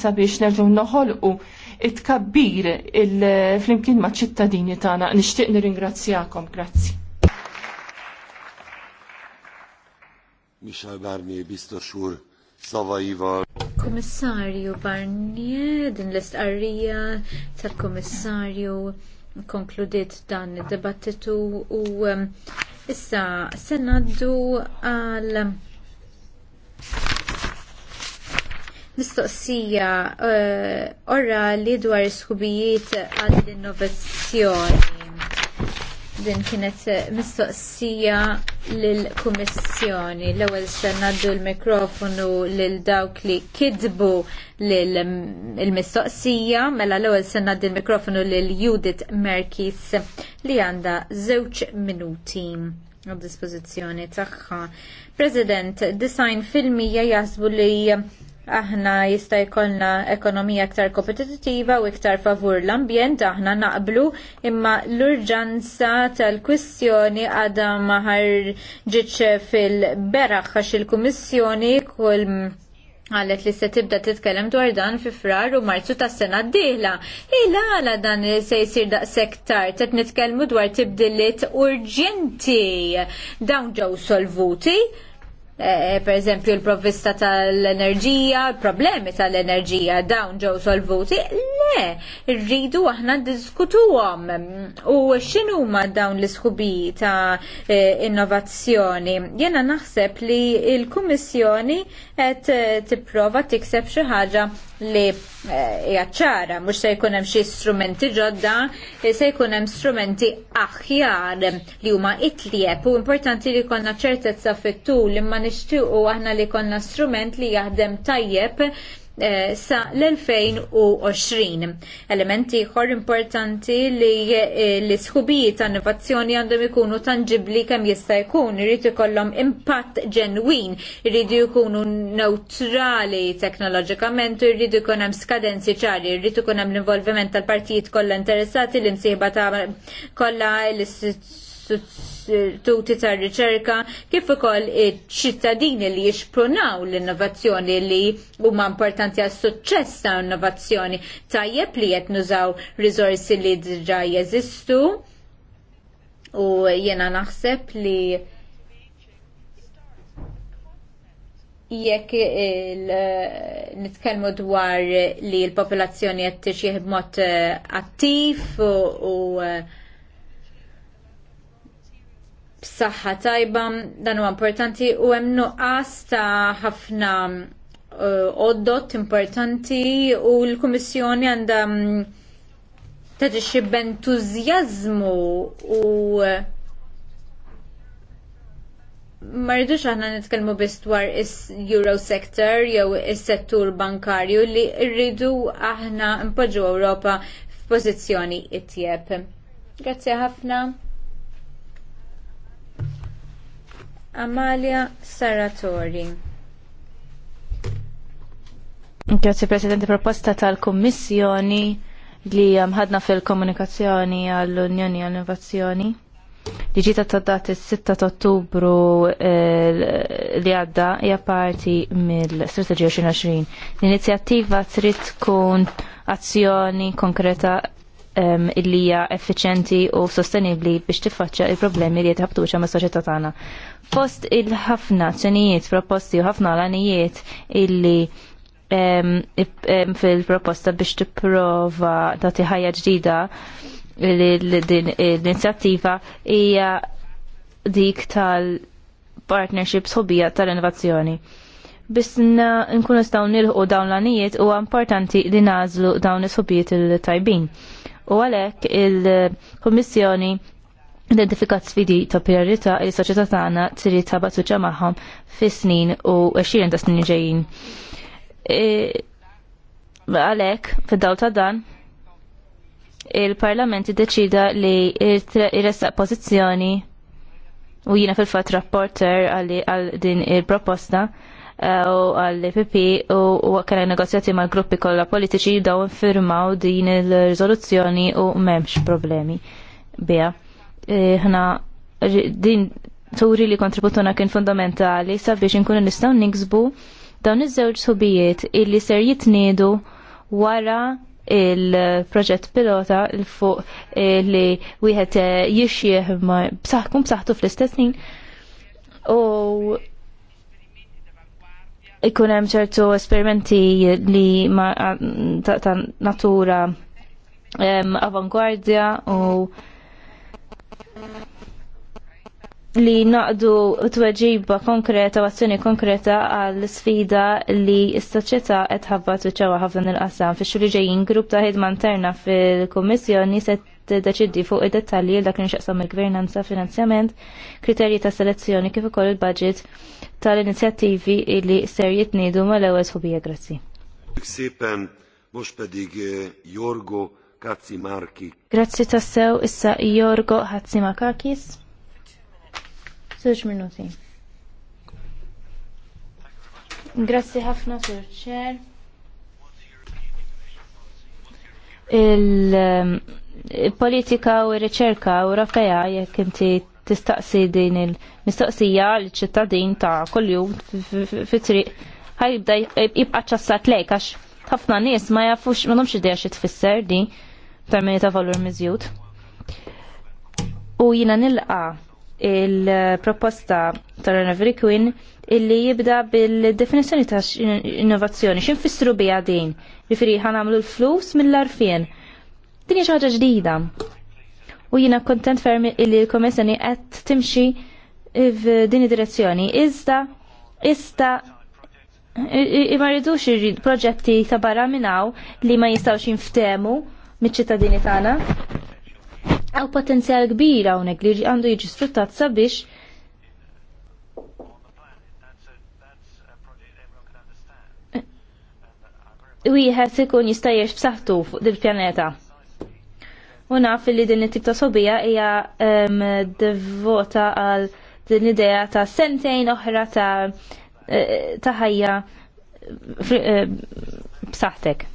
sabiex nerġu noħolqu it-kabbir fl-imkien ma' ċittadini tagħna nixtieq nirringrazzjakom, grazzi. Michel Barnier, xur, sava Savaiva. Kommissarju Barnier, din l-istqarrija tal komissarju konkludiet dan id debattitu u um, issa se ngħaddu għal mistoqsija uh, orali dwar iskubijiet għal l-innovazzjoni. Din kienet mistoqsija lill-Kummissjoni. L-ewwel se ngħaddu l-mikrofonu lil dawk li kidbu l-mistoqsija, mela l-ewwel se ngħaddi l-mikrofonu lil Judith Merkis li għandha żewġ minuti għad-dispozizjoni tagħha. President, design filmija jasbu li aħna jista' jkollna ekonomija aktar kompetittiva u iktar favur l-ambjent aħna naqblu imma l-urġanza tal-kwistjoni għadha ma ħarġitx fil-beraħ għax il-Kummissjoni kull għalet li se tibda titkellem dwar dan fi frar u marzu ta' sena d-dihla. Ila għala dan se jisir da' sektar, tet nitkellmu dwar tibdillit urġenti dawn ġew solvuti Eh, eh, per eżempju l-provvista tal-enerġija, problemi tal-enerġija dawn ġew solvuti, le, rridu aħna diskutuwom u xinu ma dawn l-iskubi ta' eh, innovazzjoni. Jena naħseb li l-Kummissjoni qed tipprova tikseb xi ħaġa li eh, jaċċara, mux se jkun hemm xi strumenti ġodda, eh, se jkun hemm strumenti aħjar li huma itlieb u importanti li konna ċertezza fit-tul imma nixtiequ aħna li konna strument li jaħdem tajjeb Eh, sa l-2020. Elementi ħor importanti li eh, l-sħubijiet ta' innovazzjoni għandhom ikunu tangibli kemm jista' jkun, irid ikollhom impatt ġenwin, irridu jkunu neutrali teknoloġikament, u jridu jkun hemm skadenzi ċari, irridu jkun hemm l-involviment tal-partijiet kollha interessati l-imsieħba ta' kollha l-istituzzjoni istituti ta' riċerka kif ukoll iċ-ċittadini li jixprunaw l-innovazzjoni li huma importanti għas suċċess ta' innovazzjoni tajjeb li qed nużaw riżorsi li diġà jeżistu u jiena naħseb li jekk nitkellmu dwar li l-popolazzjoni qed tixjih b'mod eh, attiv u, u eh, b'saħħa tajba, dan huwa importanti u hemm nuqqas ta' ħafna uh, oddot importanti u l-Kummissjoni għandha mm, taġixxi b'entużjażmu u uh, ma rridux aħna nitkellmu biss dwar is-Euro sector jew is-settur bankarju li rridu aħna npoġġu Ewropa f'pożizzjoni ittieb. Grazzi ħafna. Amalia Saratori. Grazie Presidente, proposta tal-Kommissjoni li mħadna um, fil-komunikazzjoni għall-Unjoni għall-Innovazzjoni Liġita ta' attaddat is-6 ta' Ottubru eh, li għadda hija parti mill-Strateġija 2020. L-inizjattiva trid tkun azzjoni konkreta um, illi hija effiċenti u sostenibli biex tiffaċċja il-problemi li jitħabtuċa ma' soċjetà tagħna. Fost il-ħafna ċenijiet proposti u ħafna l-anijiet illi um, fil-proposta biex tipprova tagħti ħajja ġdida l-inizjattiva hija dik tal-partnerships hobija tal-innovazzjoni Bisna nkunu staw nilħu dawn l-anijiet huwa importanti li nazlu dawn is-subijiet il-tajbin u għalhekk il-Kummissjoni identifikat sfidi ta' priorità il soċjetà tagħna trid tabad suċċa magħhom fis-snin u 20 ta' snin ġejjin. E, għalhekk fid-dawl ta' dan il-Parlament iddeċida li jressaq pożizzjoni u jiena fil-fatt rapporter għal din il-proposta il proposta u għall epp u kena negozjati mal gruppi kollha politiċi daw firmaw din il-rizoluzzjoni u memx problemi bija. E, ħna din turi li kontributuna kien fundamentali sabiex inkunu nistgħu niksbu dawn iż-żewġ subijiet illi ser jitniedu wara il-proġett pilota il fuq e, li wieħed e, jixjieħ b'saħkum b'saħħtu fl-istess u ikun hemm ċertu esperimenti li ma, ta, ta' natura um, avangwardja u li naqdu tweġiba konkreta u azzjoni konkreta għall sfida li s-soċjetà qed tuċawa ħafna il-qasam. fix li ġejjin grupp ta' ħidma interna fil-Kummissjoni se tiddeċiddi fuq id-dettalji l dak xaqsam il-gvernanza finanzjament, kriterji ta' selezzjoni kif ukoll il-budget tal-inizjattivi illi ser jitnidu ma l ewwel sħubija grazzi. Sipen mux pedig eh, Jorgo Kazzi Marki. Grazzi tassew issa Jorgo Kazzi Makakis. Żewġ minuti. Grazzi ħafna sur ċer. il ehm, politika u r-riċerka Ewropea jekk inti tistaqsi din il-mistoqsija l ċittadin ta' kuljum fit-triq ħajbda jibqa' ċassat lejk għax ħafna nies ma jafux ma nomx id xi tfisser di termini ta' valur miżjud. U jina nilqa il-proposta ta' Renevri Quinn illi jibda bil-definizjoni ta' innovazzjoni. X'infissru bija din? Riferi ħanamlu l-flus mill-arfien Din hija ħaġa ġdida. U jiena kontent ferm illi l komissjoni qed timxi f'din id-direzzjoni. Iżda ista ma rridux proġetti ta' barra minnaw li ma jistawx jinftemu miċ-ċittadini tagħna. Aw potenzjal kbir hawnhekk li għandu jiġi sfruttat sabiex wieħed ikun jista' jgħix b'saħħtu fuq il pjaneta u naf li din it-tip ta' sobija hija devota għal din idea ta' sentejn oħra ta' e, ta' ħajja e, b'saħtek.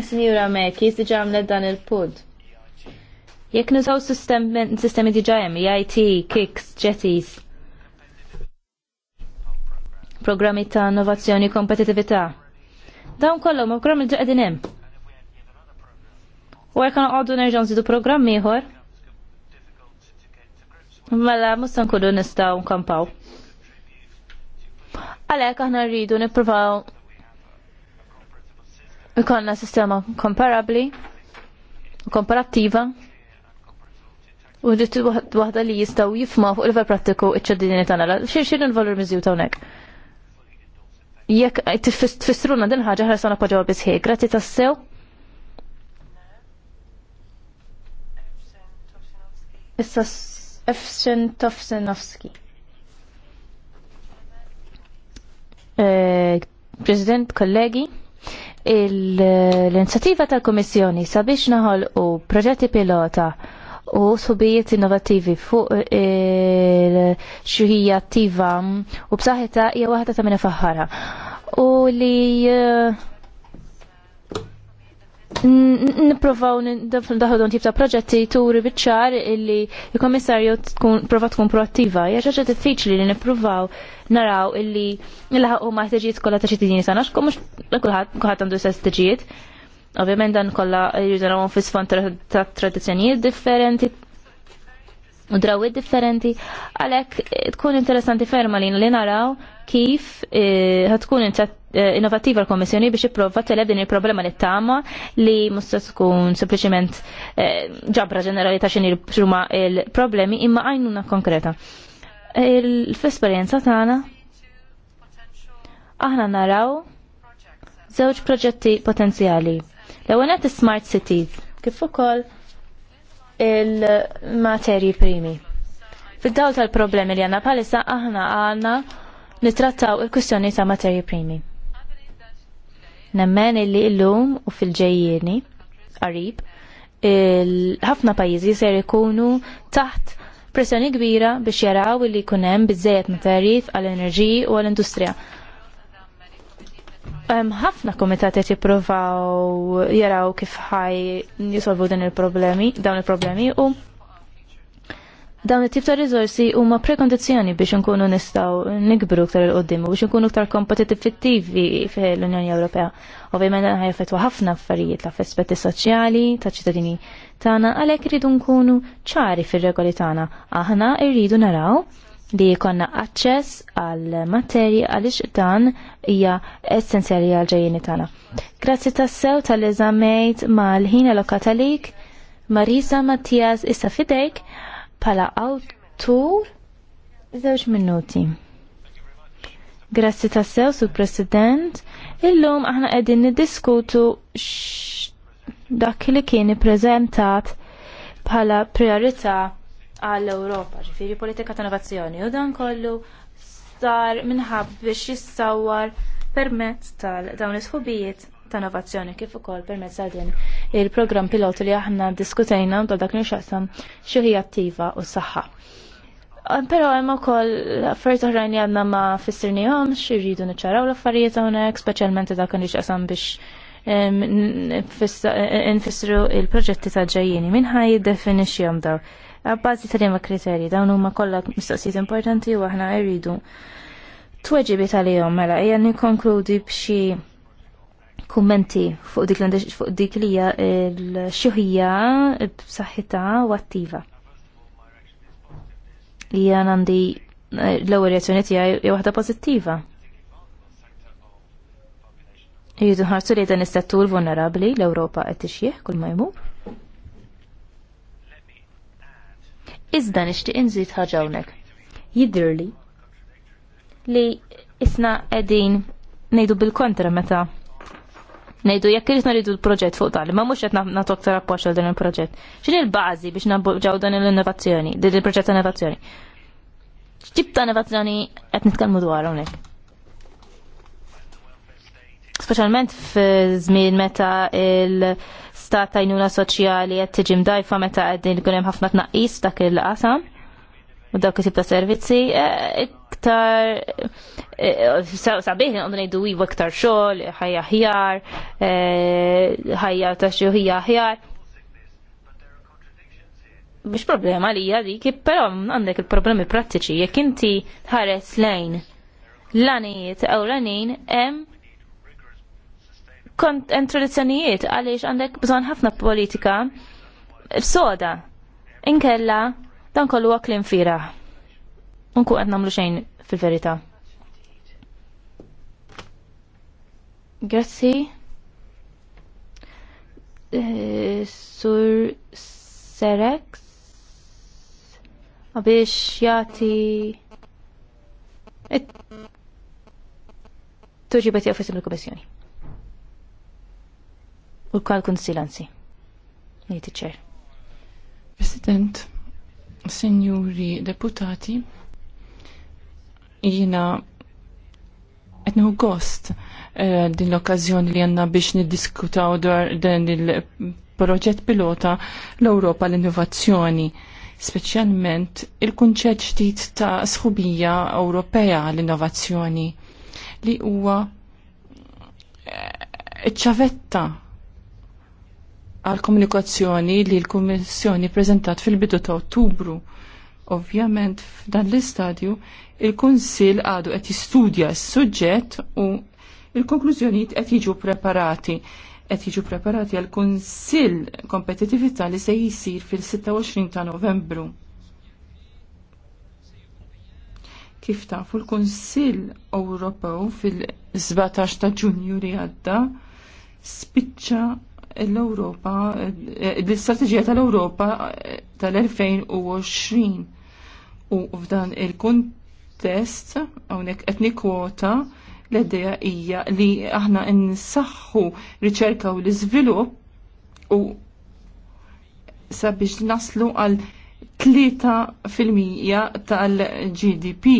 Signora Mek, diġà għamlet dan il-pud. Jek nużaw sistemi diġa jem, e IT, Kicks, Jetties, programmi ta' innovazzjoni kompetitività Dawn kollhom il-programm li qegħdin hemm. U jekk għodu nerġan zidu programm ieħor. Mela mustan nkunu nistaw nkampaw. Għalek għahna rridu nippruvaw ikonna sistema komparabli u komparattiva u ġittu waħda li jistaw jifma fuq il-ver prattiku iċ-ċaddini tagħna xi xi valur miżju ta' unek jekk tfissruna din ħaġa ħra sana poġġaw bisħi. Grazzi tassew. Issa Efsen Tofsenovski. Eh, President, kollegi, l-inizjativa tal-Komissjoni sabiex naħol u proġetti pilota u subijiet innovativi fuq il e, xuhija attiva mm, u b'saħħitha hija waħda ta' minn faħħara. U li e, Niprofaw don tip ta' proġetti turi bitċar illi il-komissarju tkun prova tkun proattiva. Jaġaġa diffiċli li niprofaw naraw illi il-ħakku ma' ħteġijiet kolla ta' ċittadini sa' nax, kumux kullħat għandu sa' ħteġijiet. Ovvjament dan kollha jridu nagħmlu sfond ta' tradizzjonijiet differenti, u drawiet differenti, għalek eh, tkun interessanti ferma li li naraw kif eh, ħatkun eh, innovativa l-Komissjoni biex ipprova tele din il-problema li tama li musta tkun sempliciment ġabra ġenerali ta' xini xruma il-problemi imma għajnuna konkreta. L-esperjenza tagħna aħna naraw żewġ proġetti potenzjali l għonet smart cities kif ukoll il-materji primi. fid daw tal-problemi li għandna bħalissa aħna għanna nitrattaw il-kwistjoni ta' materji primi. Nemmen illi illum u fil-ġejjieni qarib ħafna pajjiżi ser ikunu taħt pressjoni kbira biex jaraw li jkun hemm biżejjed materji għall-enerġiji u għall-industrija ħafna komitati qed jippruvaw jaraw kif ħaj jisolvu dan il-problemi, dawn il-problemi u dawn it-tip ta' riżorsi huma prekondizzjoni biex nkunu nistgħu nikbru iktar il qoddim biex nkunu iktar kompetittivi fl-Unjoni Ewropea. Ovvjament dan ħajfetwa ħafna affarijiet ta' aspetti soċjali ta' ċittadini tagħna għalhekk iridu nkunu ċari fir-regoli tagħna. Aħna rridu naraw li jikonna access għal materji għalix dan hija essenzjali għal ġejjeni tagħna. Grazzi tassew tal-eżamejt mal-ħin allokata Katalik Marisa Mattias issa fidejk pala awtur żewġ minuti. Grazzi tassew Sur President, illum aħna qegħdin niddiskutu dak li kien ippreżentat bħala priorità għall-Ewropa, ġifieri politika ta' innovazzjoni u dan kollu sar minħabb biex jissawar permezz tal-dawn is-ħubijiet ta' innovazzjoni kif ukoll permezz għal din il-programm pilot li aħna diskutejna ta' dak li xaqsam xi attiva u saħħa ah, Però hemm ukoll affarijiet oħrajn li għandna ma fissirnihomx, irridu niċċaraw l-affarijiet hawnhekk, speċjalment dak li xaqsam biex nfissru il-proġetti ta' ġejjini minn ħaj jiddefinixxihom daw. Għabbazi ta' liema kriteri, dawn huma kollha mistoqsijiet importanti u aħna rridu tweġibi tal-jom mela ejja nikkonkludi b'xi kummenti fuq dik fuq dik li hija l-xuħija b'saħħitha u attiva. hija għandi eh, l-ewwel reazzjoni tiegħi hija waħda pożittiva. Jridu ħarsu li dan istattur vulnerabbli l-Ewropa qed tixjih kull ma jmur. Iżda nixtieq inżid ħaġa hawnhekk. Jidhirli li isna qegħdin ngħidu bil-kontra meta ngħidu jekk irid naridu l-proġett fuq tal, ma mhux qed nagħtok tara appoġġ għal dan il-proġett. X'inhi l-bażi biex nabbuġġaw dan l-innovazzjoni, din il-proġett ta' innovazzjoni? X'tip ta' innovazzjoni qed nitkellmu dwar hawnhekk? Speċjalment f'żmien meta il- ta' tajnuna soċjali qed tiġi mdajfa meta qegħdin ikun hemm ħafna tnaqqis dak il-qasam u dawk it ta' servizzi e, iktar e, sabiħ għandu ngħidu iva iktar xogħol, ħajja ħjar, e, ħajja ta' xi ħija ħjar. Biex problema li hija dik, però għandek il-problemi prattiċi jekk inti ħares lejn l-għanijiet ew l hemm kont introduzzjonijiet għaliex għandek bżonn ħafna politika f-soda, Inkella dan kollu għak li infira Unku għed namlu xejn fil-verita. Grazzi. Eh, Sur Serex. Għabiex jati. Tuġi bati għafis l-komissjoni u l kun silanzi. Niti ċer. President, Senjuri Deputati, jina etnu gost eh, din l-okkazjoni li għanna biex niddiskutaw dwar din il-proġett pilota l-Europa l-innovazzjoni speċjalment il-kunċett ġdid ta' sħubija Ewropea l-innovazzjoni li huwa eh, ċavetta għal komunikazzjoni li l-Kummissjoni prezentat fil-bidu ta' Ottubru. Ovvjament f'dan l-istadju il-Kunsill għadu qed jistudja s-suġġett u il-konklużjonijiet qed jiġu preparati qed jiġu preparati għal kunsill kompetitività li se jisir fil-26 ta' Novembru. Kif tafu l-Kunsill Ewropew fil-17 ta' Ġunju li għadda spiċċa l-Europa, l-istrateġija tal-Europa eh, tal-2020. U f'dan il-kuntest, hawnhekk qed nikkwota l-idea hija li aħna n-saxħu riċerka u l-iżvilupp u sabiex naslu għal 3% tal-GDP.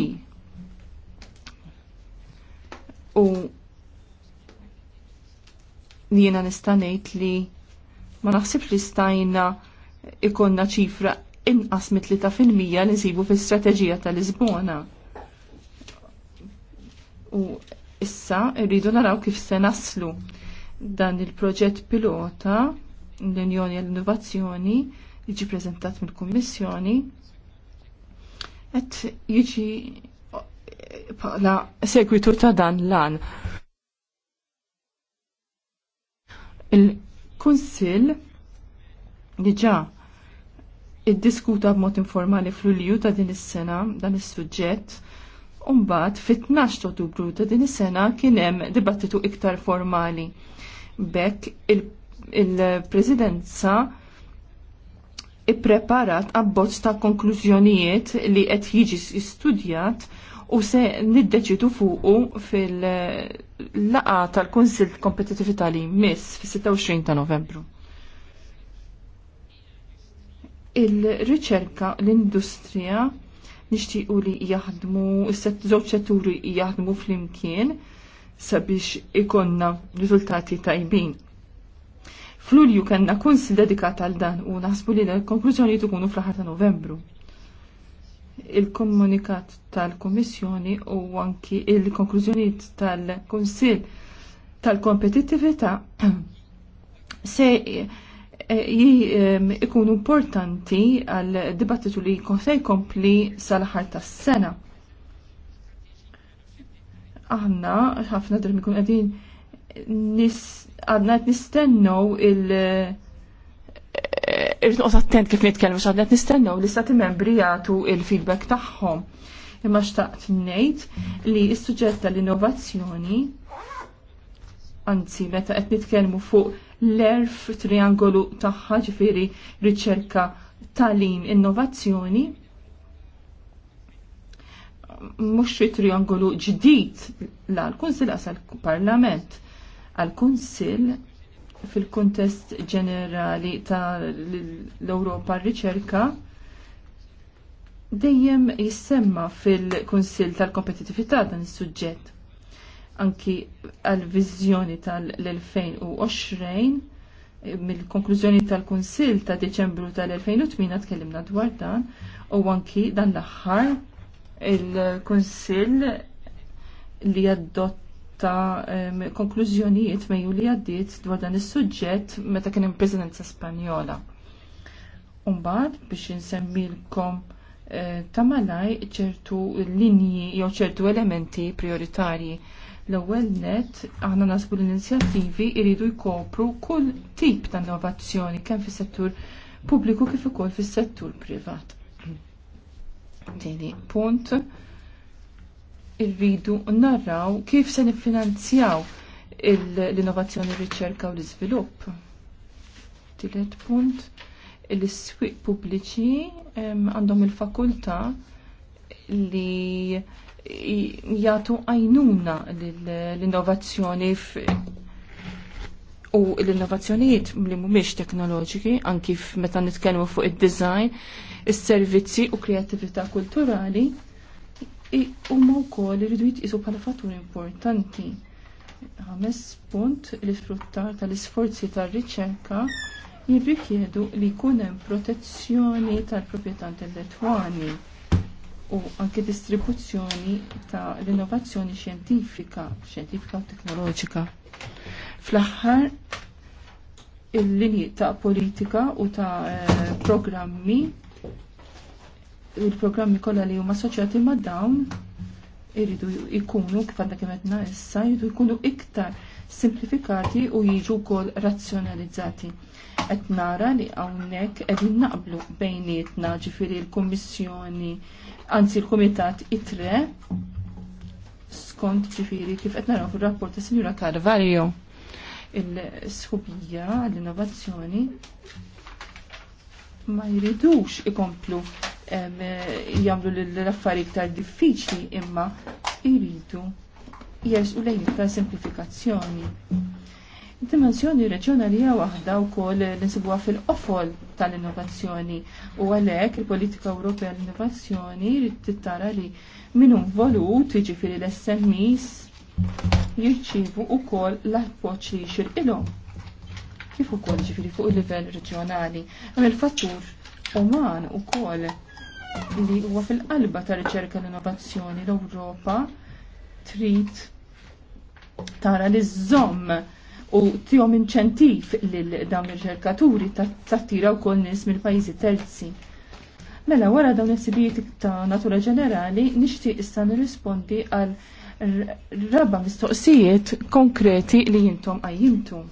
U jiena nista' ngħid li ma naħsibx li stajna ikonna ċifra inqas mit-3 li nsibu fil-strateġija tal-Lisbona. U issa rridu naraw kif se naslu dan il-proġett pilota l-Unjoni għall-Innovazzjoni jiġi prezentat mill-Kummissjoni qed jiġi la segwitu ta' dan l-an. Il-Kunsill diġà iddiskuta b'mod informali fl-Ulju ta' din is-sena dan is-suġġett u mbagħad fit-12 ta' Ottubru ta' din is-sena kien hemm dibattitu iktar formali. Bekk il-Presidenza il ippreparat abbozz ta' konklużjonijiet li qed jiġi studjat u se niddeċidu fuqu fil-laqa tal-Kunsil Kompetitività li miss fis-26 ta' Novembru. Il-riċerka l-industrija nixtiequ li jaħdmu, żewġ setturi jaħdmu fl-imkien sabiex ikonna riżultati tajbin. F'Lulju kellna kunsil dedikat għal dan u naħsbu li l-konklużjoni tkunu fl-aħħar ta' Novembru il-komunikat tal-Kummissjoni u anki il-konklużjonijiet tal-Kunsill tal-kompetittività se eh, ikun importanti għal dibattitu li se jkompli sal-ħar tas-sena. Aħna ħafna darbi ikun qegħdin għadna nistennew il- irnqos attent kif nitkellem għax għadnet nistennew li stati membri jagħtu il-feedback tagħhom. Imma xtaqt ngħid li s-suġġett tal-innovazzjoni anzi meta qed nitkellmu fuq l-erf triangolu tagħha ġifieri riċerka tal-in innovazzjoni mhux fi triangolu ġdid l kunsil għasal parlament għal kunsil fil-kuntest ġenerali ta' l-Europa r-riċerka dejjem jissemma fil-Kunsill tal-Kompetitività dan is-suġġett. Anki għal-viżjoni tal-2020 mill-konklużjoni tal-Kunsill ta' Deċembru tal-2008 tkellimna dwar dan u anki dan l-aħħar il-Kunsill li addott ta' konklużjonijiet me li għaddiet dwar dan is-suġġett meta kien hemm Presidenza Spanjola. Umbagħad biex insemmilkom eh, ta' malaj ċertu linji jew ċertu elementi prioritarji. L-ewwel net aħna nasbu l-inizjattivi jridu jkopru kull tip ta' innovazzjoni kemm fis-settur pubbliku kif ukoll fis-settur privat. Tieni punt irridu narraw kif se nifinanzjaw l-innovazzjoni, r-riċerka u l-iżvilupp. Tilet punt, l-iswiq pubbliċi għandhom il fakulta li jagħtu għajnuna l-innovazzjoni u l-innovazzjonijiet li mhumiex teknoloġiki, anki meta nitkellmu fuq id-design, is-servizzi u kreattività kulturali huma wkoll iridu jitqisu bħala fattur importanti. Ħames punt l-isfruttar tal-isforzi tar-riċerka jirrikjedu li jkun hemm protezzjoni tal-proprjetà intellettwali u anke distribuzzjoni ta' l-innovazzjoni xjentifika, xjentifika u teknoloġika. Fl-aħħar il-linji ta' politika u ta' eh, programmi il-programmi kollha li huma assoċjati ma' dawn iridu jkunu kif għandna kemm qedna issa jridu jkunu iktar simplifikati u jiġu wkoll razzjonalizzati. Qed nara li hawnhekk qegħdin naqblu bejnietna ġifieri l-Kummissjoni anzi l-Kumitat itre skont ġifieri kif qed naraw fir-rapport ta' Sinjura Carvalho il-sħubija l-innovazzjoni ma jridux ikomplu jagħmlu l-affarijiet iktar diffiċli imma jridu jersu lejn iktar simplifikazzjoni. Dimensjoni reġjonali hija waħda wkoll nisibuha fil-qofol tal-innovazzjoni u għalhekk il-politika Ewropea l-innovazzjoni jrid tittara li min involut jiġifieri l-SMEs jirċievu wkoll l-appoġġ li jixirqilhom. Kif ukoll jiġifieri fuq il-livell reġjonali, hemm il-fattur uman ukoll li huwa fil-qalba ta' riċerka l-innovazzjoni l-Ewropa trid tara li żomm u tihom inċentiv lil dawn ir-riċerkaturi tattira wkoll nies mill-pajjiżi terzi. Mela, wara dawn is-sibijiet ta' natura ġenerali, nixtieq issa nirrispondi għal raba mistoqsijiet konkreti li jintom għajjimtu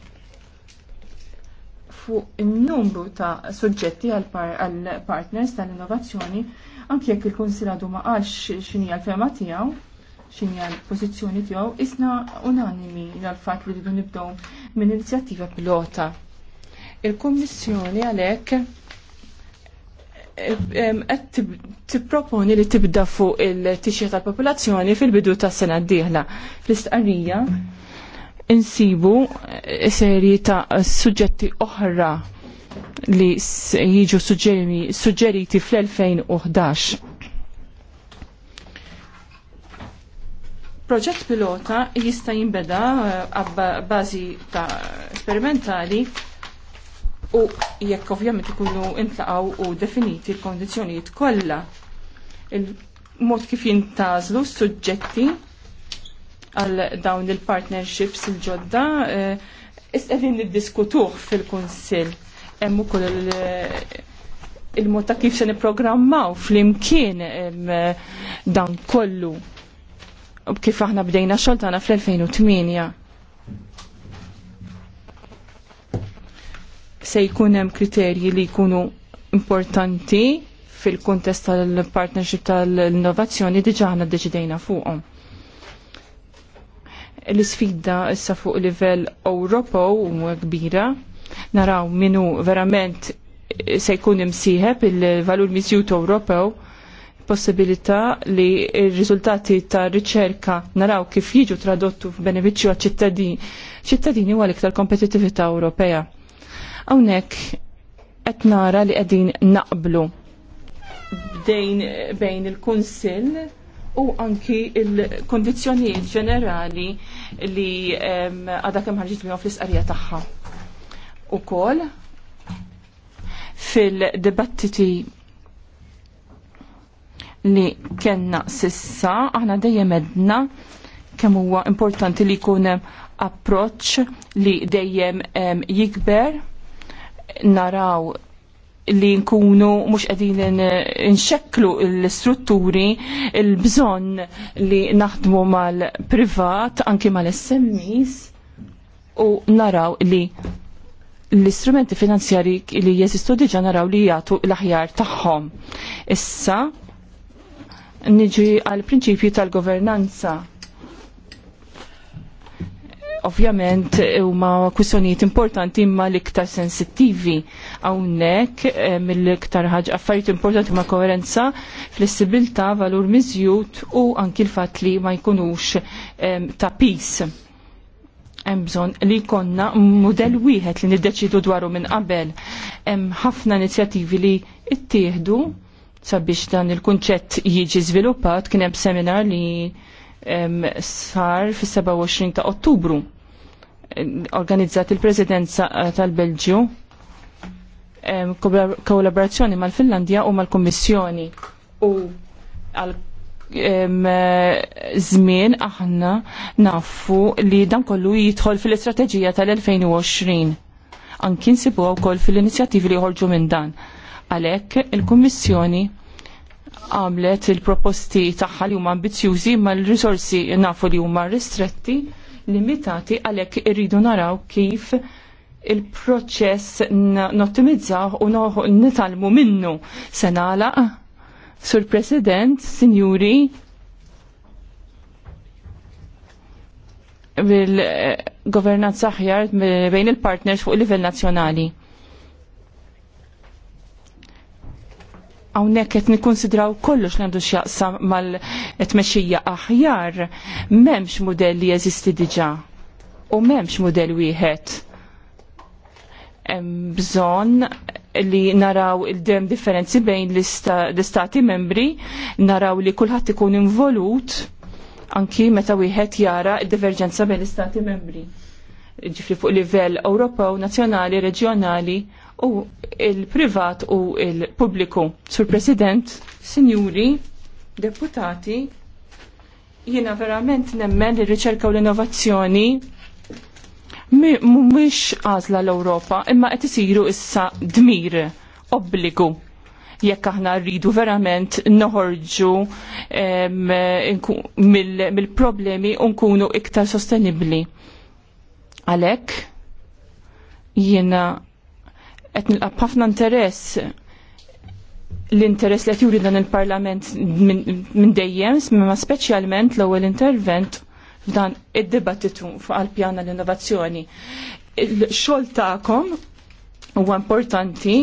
fuq il-numru ta' suġġetti għal-partners tal-innovazzjoni, anke jekk il-Kunsil ma qalx xini l-fema tiegħu, x'inhi l-pożizzjoni tiegħu, isna unanimi għal-fatt li rridu nibdew minn inizjattiva pilota. Il-Kummissjoni għalhekk qed tipproponi li tibda fuq il-tixja tal-popolazzjoni fil-bidu tas-sena d-dieħla. Fl-istqarrija insibu serji ta' suġġetti oħra li jiġu suġġeriti fl-2011. Proġett pilota jista' jinbeda għabbażi eh, ta' sperimentali u jekk ovvjament ikunu intlaqaw u definiti l-kondizzjonijiet kollha. Il-mod kif jintażlu suġġetti għal dawn il-partnerships il-ġodda eh, isqegħdin niddiskutuh fil-Kunsill. Hemm ukoll eh, il-mod ta' kif se nipprogrammaw flimkien eh, dan kollu kif aħna bdejna xogħol tagħna fl-2008. Se jkun hemm kriterji li jkunu importanti fil-kuntest tal-partnership tal-innovazzjoni diġa aħna deċidejna fuqhom l-sfida issa fuq livell Ewropew kbira naraw minu verament se jkun imsieħeb il-valur misjut Ewropew possibilità li r-riżultati ta' riċerka naraw kif jiġu tradottu f'benefiċċju għaċ-ċittadini ċittadini u għal-iktar kompetitività Ewropea. Hawnhekk qed nara li qegħdin naqblu bdejn bejn il-Kunsill u anki il-kondizjonijiet ġenerali li għadha kemm ħarġit bihom fl-isqarija tagħha. Ukoll fil-dibattiti li kellna sissa aħna dejjem edna kemm huwa importanti li jkun approċċ li dejjem jikber naraw li nkunu mhux qegħdin inxekklu l-istrutturi il-bżonn li naħdmu mal-privat anki mal-SMEs u naraw li l-istrumenti finanzjari li jeżistu diġa naraw li jagħtu l-aħjar tagħhom. Issa niġi għal prinċipju tal-governanza Ovvjament huma kwistjonijiet importanti imma l-iktar sensittivi hawnhekk eh, mill-iktar ħaġa affarijiet importanti ma' koerenza, flessibilità, valur miżjud u anki l-fatt li ma jkunux ta' peace. Hemm bżonn li jkollna mudell wieħed li niddeċidu dwaru minn qabel. Hemm ħafna inizjattivi li ttieħdu sabiex dan il-kunċett jiġi żviluppat kien hemm seminar li sar fis-27 ta' Ottubru organizzat il-Presidenza eh, tal-Belġju kollaborazzjoni mal-Finlandja u mal-Kommissjoni u għal zmin aħna nafu li dan kollu jidħol fil-istrateġija tal-2020. Anki għu wkoll fil-inizjattivi li jħorġu minn dan. Għalhekk il-Kummissjoni għamlet il-proposti tagħha li huma ambizjużi ma l-risorsi nafu li huma ristretti limitati għalhekk irridu naraw kif il-proċess nottimizzaw u nitalmu minnu se nagħlaq. Sur President, Sinjuri, bil-governanza ħjar bejn il-partners fuq il-livell nazzjonali. għawnek qed nikkonsidraw kollox li għandu xjaqsa mal-tmexxija aħjar, m'hemmx li jeżisti diġà u m'hemmx model wieħed. Hemm bżonn li naraw il-dem differenzi bejn l-istati membri, naraw li kulħadd ikun involut anki meta wieħed jara d-diverġenza bejn l-istati membri ġifri fuq livell Ewropew, nazzjonali, reġjonali u il-privat u il-pubbliku. Sur President, Sinjuri, Deputati, jiena verament nemmen li riċerka u l-innovazzjoni mhumiex għażla l-Ewropa, imma qed isiru issa dmir obbligu jekk aħna rridu verament noħorġu mill-problemi u nkunu iktar sostenibbli. Għalhekk jiena qed nilqab ħafna interess l-interess li qed juri dan il-Parlament minn dejjem, imma speċjalment l-ewwel intervent f'dan id-dibattitu fuq għal-pjana l-innovazzjoni. Il-xogħol tagħkom huwa importanti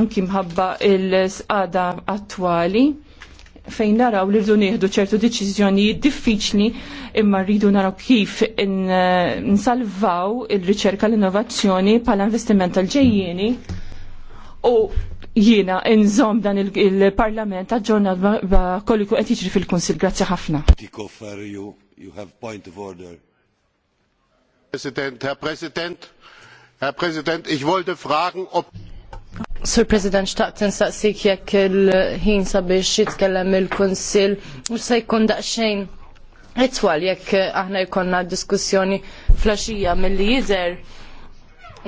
anki mħabba il-sqada attwali fejn naraw li rridu nieħdu ċertu deċiżjonijiet diffiċli imma rridu naraw kif eh, nsalvaw il-riċerka l-innovazzjoni bħala investiment tal-ġejjieni u jiena nżomm dan il-Parlament aġġornat kolliku qed jiġri fil-Kunsil. Grazzi ħafna. Herr Präsident, Herr Präsident, ich wollte fragen, ob Sur President, xtaqt nsaqsik jekk il-ħin sabiex jitkellem il kunsill u se jkun daqsxejn itwal jekk aħna jkollna diskussjoni flaxija milli jidher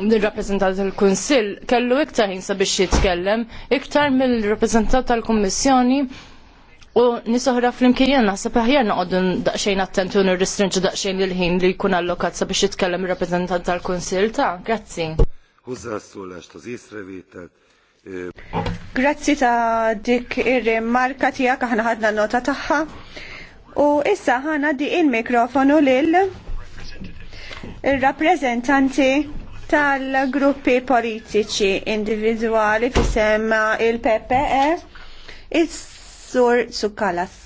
il-rappresentant tal-Kunsill kellu iktar ħin sabiex jitkellem, iktar mill-rappresentant tal-Kummissjoni u nisoħra fl-imkien naħseb aħjar noqogħdu daqsxejn attenti u nirristrinġu daqsxejn il-ħin li jkun allokat sabiex jitkellem ir rappreżentant tal-Kunsill ta' grazzi az észrevételt. Grazzi ta' dik ir-rimarka tiegħek aħna ħadna nota tagħha. U issa ħana di il-mikrofonu lil il-rappreżentanti tal-gruppi politiċi individwali fisem il-PPE is-sur Sukalas.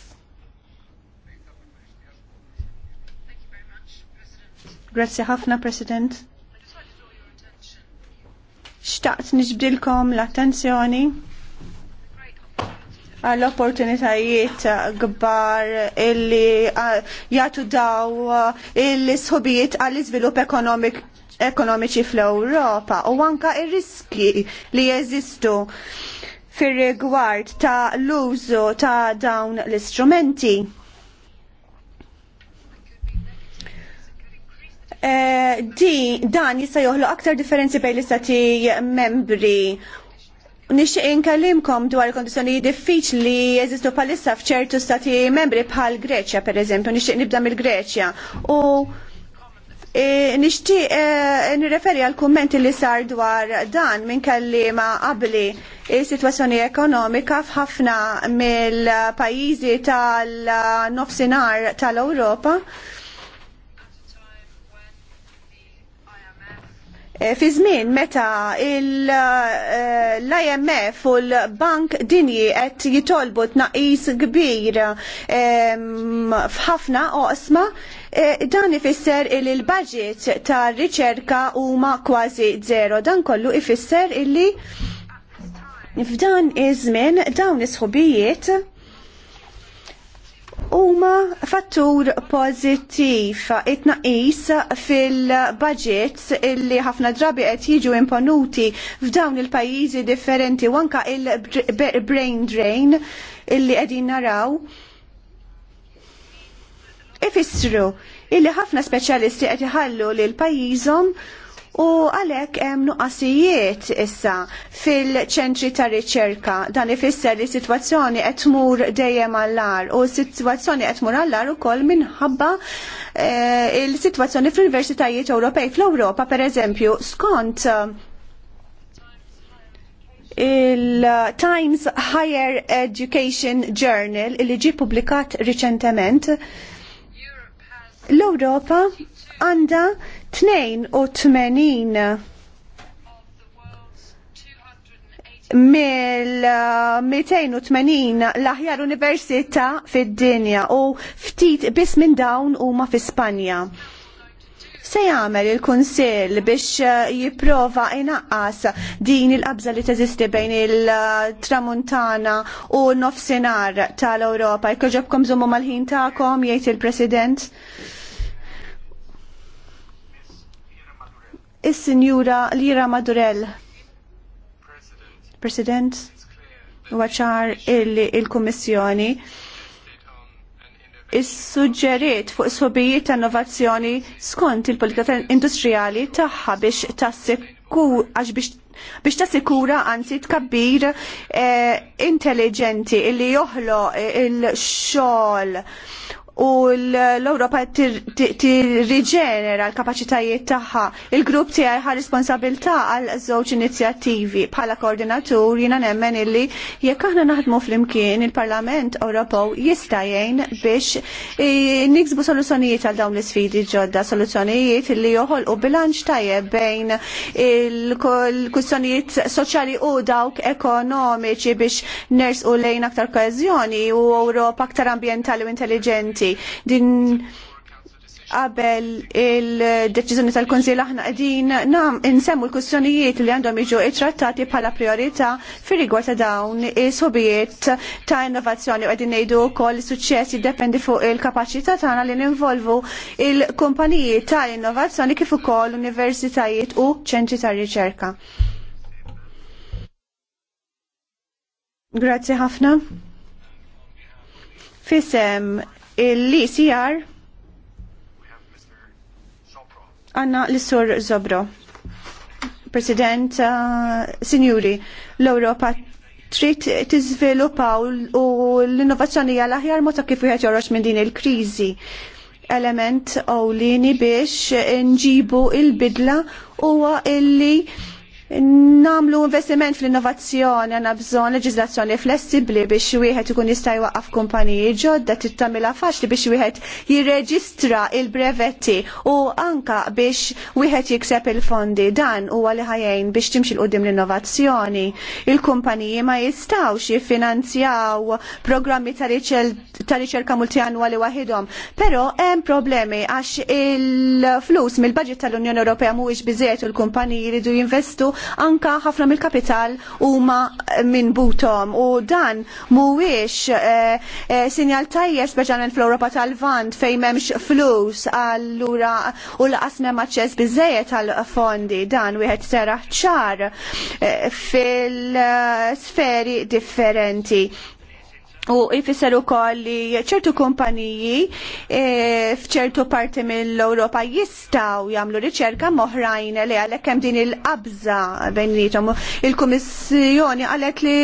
Grazzi ħafna, President xtaqt nġbdilkom l-attenzjoni għall-opportunitajiet gbar illi jagħtu daw il-sħobijiet għall-iżvilupp ekonomiċi fl-Ewropa u anka ir-riski li jeżistu fir-rigward ta' l-użu ta' dawn l-istrumenti. Eh, di dan jista' joħlu aktar differenzi bejn l-istati membri Nixtieq inkellimkom dwar il-kondizzjonijiet diffiċli li jeżistu palissa f'ċertu stati membri bħal Greċja pereżempju, nixtieq nibda mill-Greċja. U e, nixtieq e, nirreferi għal kummenti li sar dwar dan minn kallima qabli il-situazzjoni sitwazzjoni ekonomika f'ħafna mill-pajjiżi tal-nofsinhar tal-Ewropa. tal nofsinar tal europa tal nofsinhar tal ewropa Eh, fi żmien meta eh, l-IMF u l-Bank Dinji qed jitolbu tnaqis kbir f'ħafna oqsma, eh, dan ifisser li l-budget tar riċerka huma kważi zero. Dan kollu ifisser illi f'dan iż-żmien dawn is-sħubijiet huma fattur pozittiv itnaqis fil-budgets illi ħafna drabi qed jiġu imponuti f'dawn il-pajjiżi differenti u anka il-brain drain illi qegħdin naraw. Ifissru illi ħafna speċjalisti qed iħallu lil pajjiżhom u għalhekk hemm nuqqasijiet issa fil-ċentri ta' riċerka dan ifisser li sitwazzjoni qed tmur dejjem għall-ar u s-sitwazzjoni qed tmur għall ukoll minħabba eh, il-sitwazzjoni fl-Universitajiet Ewropej fl-Ewropa pereżempju skont eh, il-Times Higher Education Journal li ġie publikat riċentement l ewropa għanda 82 mill-280 uh, l-aħjar università fid-dinja u ftit biss minn dawn huma fi Spanja. Se jagħmel il-Kunsill biex uh, jipprova inaqqas din il-qabża li teżisti bejn il-Tramuntana u nofsinhar tal-Ewropa. Jekk ġobkom żommu mal-ħin tagħkom jgħid il-President. Is-Sinjura Lira Madurell. President, waċar il-Kommissjoni is-suġġeriet fuq is-sobijiet ta' innovazzjoni skont il-politika industrijali tagħha biex tassikur għax biex biex tassikura anzi tkabbir eh, intelligenti illi joħlo eh, il-xogħol u l-Europa tirriġenera l-kapacitajiet tagħha. Il-grupp tiegħi ħa responsabilità għal żewġ inizjattivi bħala koordinatur jina nemmen illi jekk aħna naħdmu flimkien il-Parlament Ewropew jista' jgħin biex e, niksbu soluzzjonijiet għal dawn l-isfidi ġodda, soluzzjonijiet li joħolqu bilanċ tajjeb bejn il-kwistjonijiet soċjali u dawk ekonomiċi biex nersqu lejn aktar koezjoni u Ewropa aktar ambjentali u intelligenti differenti. Din qabel il-deċiżjoni tal-Konsil aħna qegħdin nam insemmu l-kwistjonijiet li għandhom jiġu ittrattati bħala priorità fir-rigward ta' dawn is subijiet ta' innovazzjoni u qegħdin ngħidu wkoll is suċċess jiddependi fuq il-kapaċità tagħna li ninvolvu il-kumpaniji ta' innovazzjoni kif ukoll universitajiet u ċentri ta' riċerka. Grazzi ħafna. Fisem l-ICR għanna l-Sur Zobro. President, uh, Sinjuri, l-Europa trid tiżviluppaw u l-innovazzjoni għal aħjar mod kif wieħed joroġ minn din il-kriżi element ewlieni biex nġibu il-bidla huwa illi namlu investiment fl-innovazzjoni għanna bżon leġizlazzjoni flessibli biex wieħed ikun jista' jwaqqaf kumpaniji ġodda tittamilha faċli biex wieħed jirreġistra il-brevetti u anka biex wieħed jikseb il-fondi dan huwa li ħajjin biex timxi l qudiem l-innovazzjoni. Il-kumpaniji ma jistgħux jiffinanzjaw programmi ta' riċerka multianwali waħidhom, però hemm problemi għax il-flus mill-budget tal-Unjoni Ewropea mhuwiex biżejjed u l-kumpaniji jridu jinvestu anka ħafna mill-kapital huma minn butom u dan mhuwiex eh, eh, sinjal tajjeb speċjalment fl-Ewropa tal-Vant fejn m'hemmx flus allura u laqas m'hemm aċċess biżejjed tal-fondi dan wieħed seraħ ċar e, fil-sferi differenti. U jfisser ukoll li ċertu kumpaniji e, f'ċertu parti mill-Ewropa jistgħu jagħmlu riċerka moħrajn li għalek kem din il qabza bennitom. Il-Kummissjoni qalet li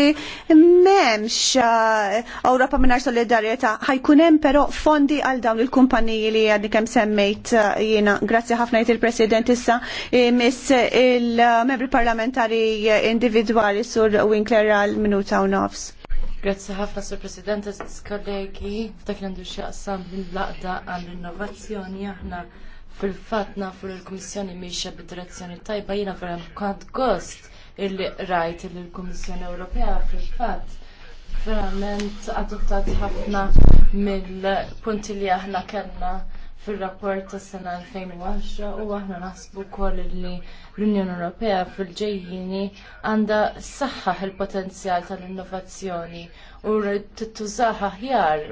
m'hemmx e, Ewropa mingħajr solidarieta ħajkun hemm però fondi għal dawn il-kumpaniji li għaddi kemm semmejt e, jiena. Grazzi ħafna jt il-President issa miss il-membri parlamentari individwali sur Winkler għal minuta u nofs. Grazzi ħafna, Sur President, Aziz kollegi, f'dak li għandu xaqsam l-laqda għall-innovazzjoni aħna fil fatt nafu l-Komissjoni miexja bid-direzzjoni tajba jiena vera kont gost illi rajt li l-Komissjoni Ewropea fil-fat verament adottat ħafna mill-punti li aħna kellna fil-rapport tas sena 2010 u aħna naħsbu wkoll li l-Unjoni Ewropea fil-ġejjini għandha saħħaħ il-potenzjal tal-innovazzjoni u tittużaha ħjar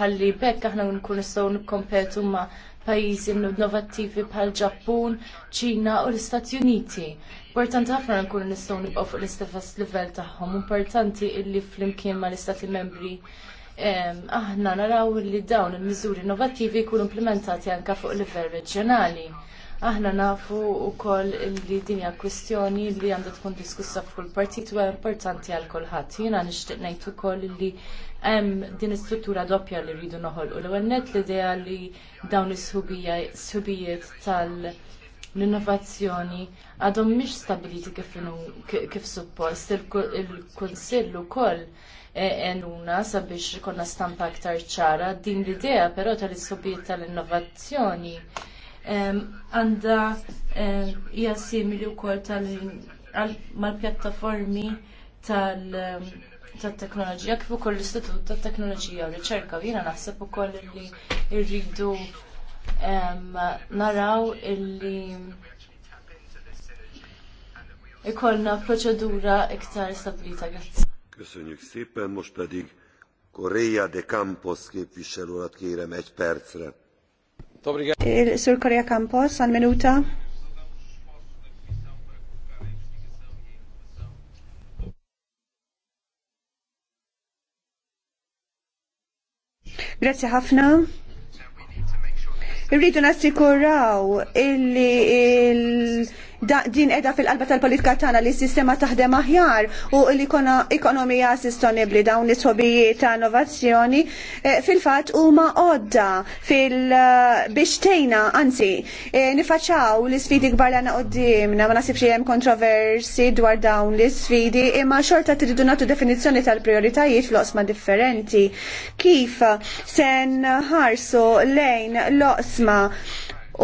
ħalli bekk aħna nkun nistgħu nikkompetu ma' pajjiżi innovattivi bħal Ġappun, Ċina u l-Istati Uniti. Importanti ħafna nkunu nistgħu nibqgħu fuq l-istess livell tagħhom, importanti illi flimkien mal istati membri aħna naraw li dawn il-miżuri innovattivi jkunu implementati anke fuq livell reġjonali. Aħna nafu wkoll li din hija kwistjoni li għandha tkun diskussa f'kull partit u importanti għal kulħadd. Jiena nixtieq ngħid ukoll li hemm din is-struttura doppja li rridu noħolqu. L-ewwel nett l-idea li dawn is-subijiet tal- l-innovazzjoni għadhom mhix stabiliti kif suppost il-Kunsill ukoll E, enuna sabiex konna stampa aktar ċara. Din l-idea però tal-iskobiet tal-innovazzjoni għanda hija simili wkoll mal-pjattaformi tal- tat-teknoloġija kif ukoll l-Istitut tat-Teknoloġija u Riċerka jiena naħseb ukoll li rridu naraw illi ikollna proċedura iktar stabilita grazzi. Köszönjük szépen, most pedig Korea de Campos képviselő urat kérem egy percre. Sur Korea Campos, għal minuta. Grazie ħafna. Irridu nassikuraw illi il-, il din edha fil-qalba tal-politika tagħna li s-sistema taħdem aħjar u l-ekonomija sostenibbli dawn is-sobijiet ta' innovazzjoni eh, fil-fatt huma għodda fil eh, biex tejna anzi eh, nifaċċaw l-isfidi kbar lana qudiemna ma nasibx hemm kontroversi dwar dawn l-isfidi imma xorta tridu nagħtu definizzjoni tal prioritajiet fl-oqsma differenti. Kif sen ħarsu lejn l osma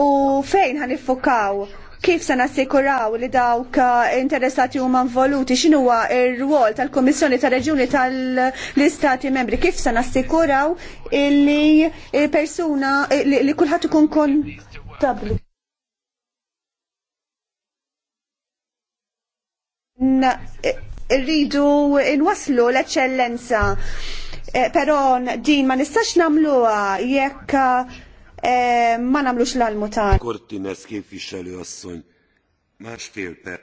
u fejn ħanifukaw Kif se nassikuraw li dawk eh, interessati huma involuti x'inhuwa r-rwol tal-Kummissjoni tar reġuni tal-Istati Membri? Kif se nassikuraw li persuna li kulħadd ikun kontabli? Rridu nwaslu l-eċċellenza, eh, però din ma nistax nagħmluha jekk Eh, ma namlux l-almutan. Cortines képviselő asszony, másfél perc.